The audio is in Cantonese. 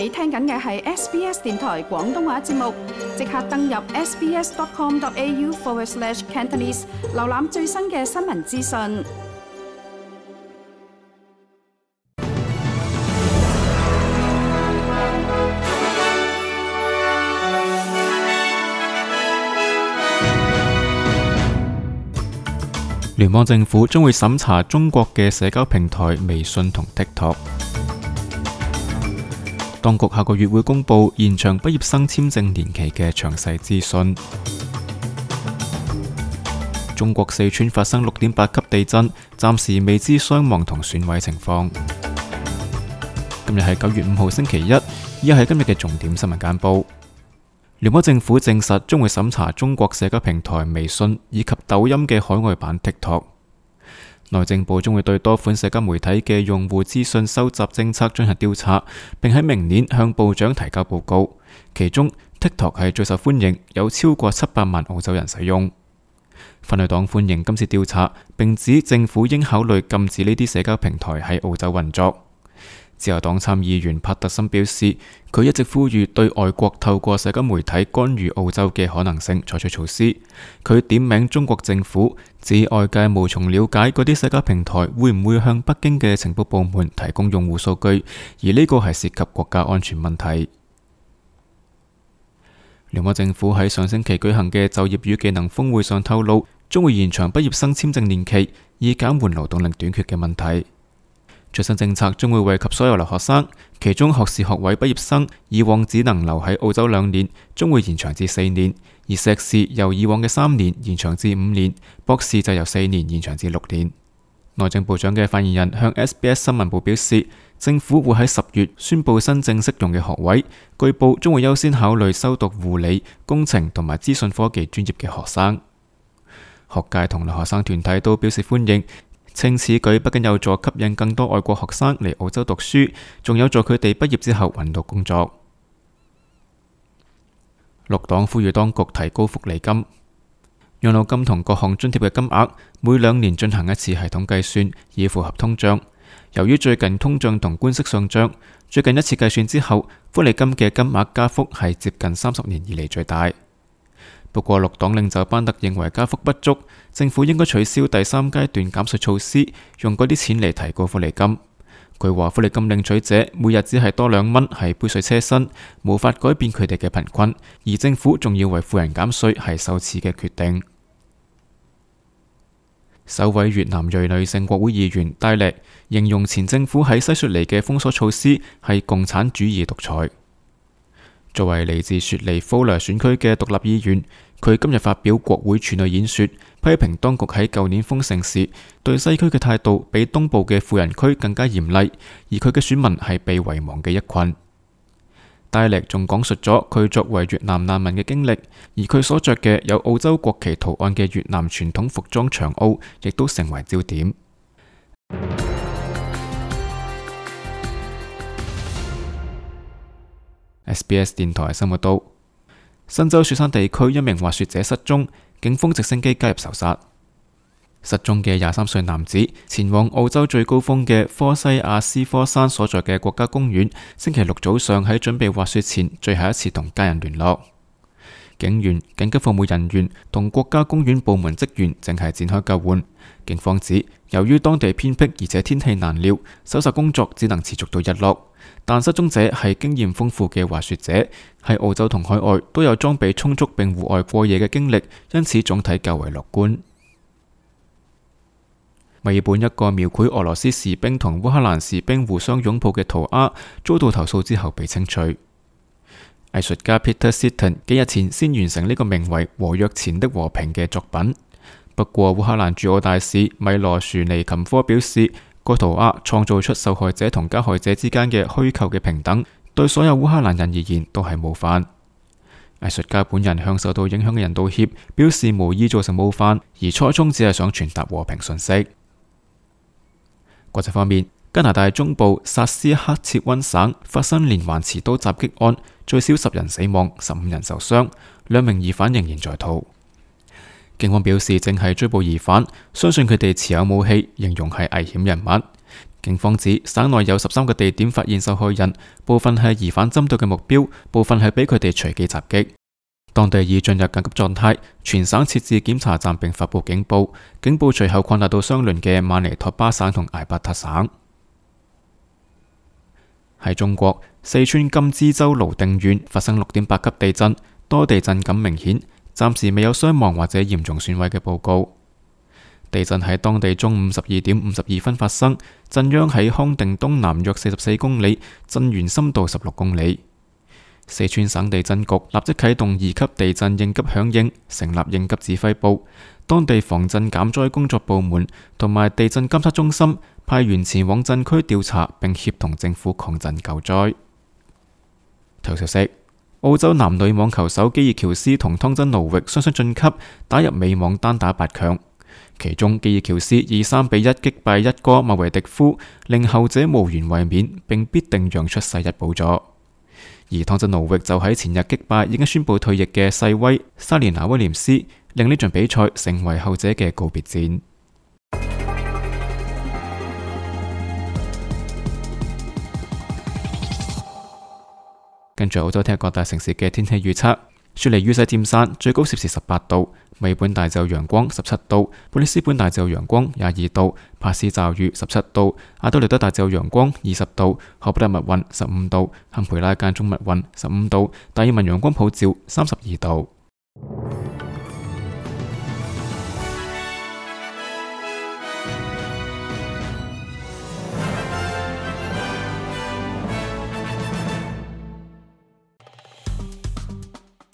你聽緊嘅係 SBS 電台廣東話節目，即刻登入 sbs.com.au/cantonese，瀏覽最新嘅新聞資訊。聯邦政府將會審查中國嘅社交平台微信同 TikTok。當局下個月會公布延長畢業生簽證年期嘅詳細資訊。中國四川發生六點八級地震，暫時未知傷亡同損毀情況。今日係九月五號，星期一，而家係今日嘅重點新聞簡報。聯邦政府證實將會審查中國社交平台微信以及抖音嘅海外版 TikTok。內政部將會對多款社交媒體嘅用戶資訊收集政策進行調查，並喺明年向部長提交報告。其中，TikTok 係最受歡迎，有超過七百萬澳洲人使用。憲理黨歡迎今次調查，並指政府應考慮禁止呢啲社交平台喺澳洲運作。自由黨參議員帕特森表示，佢一直呼籲對外國透過社交媒體干預澳洲嘅可能性採取措施。佢點名中國政府，指外界無從了解嗰啲社交平台會唔會向北京嘅情報部門提供用戶數據，而呢個係涉及國家安全問題。聯邦政府喺上星期舉行嘅就業與技能峰會上透露，將會延長畢業生簽證年期，以減緩勞動力短缺嘅問題。最新政策將會惠及所有留學生，其中學士學位畢業生以往只能留喺澳洲兩年，將會延長至四年；而碩士由以往嘅三年延長至五年，博士就由四年延長至六年。內政部長嘅發言人向 SBS 新聞部表示，政府會喺十月宣布新政適用嘅學位，據報將會優先考慮修讀護理、工程同埋資訊科技專業嘅學生。學界同留學生團體都表示歡迎。稱此舉不僅有助吸引更多外國學生嚟澳洲讀書，仲有助佢哋畢業之後揾到工作。綠黨呼籲當局提高福利金、養老金同各項津貼嘅金額，每兩年進行一次系統計算，以符合通脹。由於最近通脹同官息上漲，最近一次計算之後，福利金嘅金額加幅係接近三十年以來最大。不過，綠黨領袖班特認為加幅不足，政府應該取消第三階段減稅措施，用嗰啲錢嚟提高福利金。佢話：福利金領取者每日只係多兩蚊，係杯水車薪，無法改變佢哋嘅貧困。而政府仲要為富人減稅，係首次嘅決定。首位越南裔女性國會議員戴力形容前政府喺西悉尼嘅封鎖措施係共產主義獨裁。作為嚟自雪梨夫萊選區嘅獨立議員，佢今日發表國會處女演說，批評當局喺舊年封城時對西區嘅態度比東部嘅富人區更加嚴厲，而佢嘅選民係被遺忘嘅一群。戴歷仲講述咗佢作為越南難民嘅經歷，而佢所着嘅有澳洲國旗圖案嘅越南傳統服裝長袍，亦都成為焦點。SBS 電台新聞道，新州雪山地區一名滑雪者失蹤，警方直升機加入搜殺。失蹤嘅廿三歲男子前往澳洲最高峰嘅科西亞斯科山所在嘅國家公園，星期六早上喺準備滑雪前最後一次同家人聯絡。警員、緊急服務人員同國家公園部門職員淨係展開救援。警方指，由於當地偏僻而且天氣難料，搜索工作只能持續到日落。但失蹤者係經驗豐富嘅滑雪者，喺澳洲同海外都有裝備充足並戶外過夜嘅經歷，因此總體較為樂觀。墨爾本一個描繪俄羅斯士兵同烏克蘭士兵互相擁抱嘅塗鴉，遭到投訴之後被清除。藝術家 Peter Sutton 幾日前先完成呢個名為《和約前的和平》嘅作品。不過烏克蘭駐澳大使米羅什尼琴科表示，該塗鴉創造出受害者同加害者之間嘅虛構嘅平等，對所有烏克蘭人而言都係冒犯。藝術家本人向受到影響嘅人道歉，表示無意造成冒犯，而初衷只係想傳達和平信息。國際方面。加拿大中部薩斯克切溫省發生連環持刀襲擊案，最少十人死亡，十五人受傷，兩名疑犯仍然在逃。警方表示正係追捕疑犯，相信佢哋持有武器，形容係危險人物。警方指省內有十三個地點發現受害人，部分係疑犯針對嘅目標，部分係俾佢哋隨機襲擊。當地已進入緊急狀態，全省設置檢查站，並發布警報。警報隨後擴大到相鄰嘅曼尼托巴省同艾伯塔省。喺中國四川甘孜州瀘定縣發生六點八級地震，多地震感明顯，暫時未有傷亡或者嚴重損毀嘅報告。地震喺當地中午十二點五十二分發生，震央喺康定東南約四十四公里，震源深度十六公里。四川省地震局立即啟動二級地震應急響應，成立應急指揮部，當地防震減災工作部門同埋地震監測中心派員前往震區調查，並協同政府抗震救災。頭條消息：澳洲男女網球手基爾喬斯同湯真奴域雙雙晉級，打入美網單打八強。其中基爾喬斯以三比一擊敗一哥麥維迪夫，令後者無緣衛冕，並必定讓出世一寶座。而唐振奴域就喺前日擊敗已經宣布退役嘅世威沙蓮拿威廉斯，令呢場比賽成為後者嘅告別戰。 跟住好多聽各大城市嘅天氣預測。雪梨雨勢漸散，最高攝氏十八度；美本大致陽光十七度；布里斯本大致陽光廿二度；帕斯驟雨十七度；阿德雷德大致陽光二十度；荷伯特密雲十五度；堪培拉間中密雲十五度；達爾文陽光普照三十二度。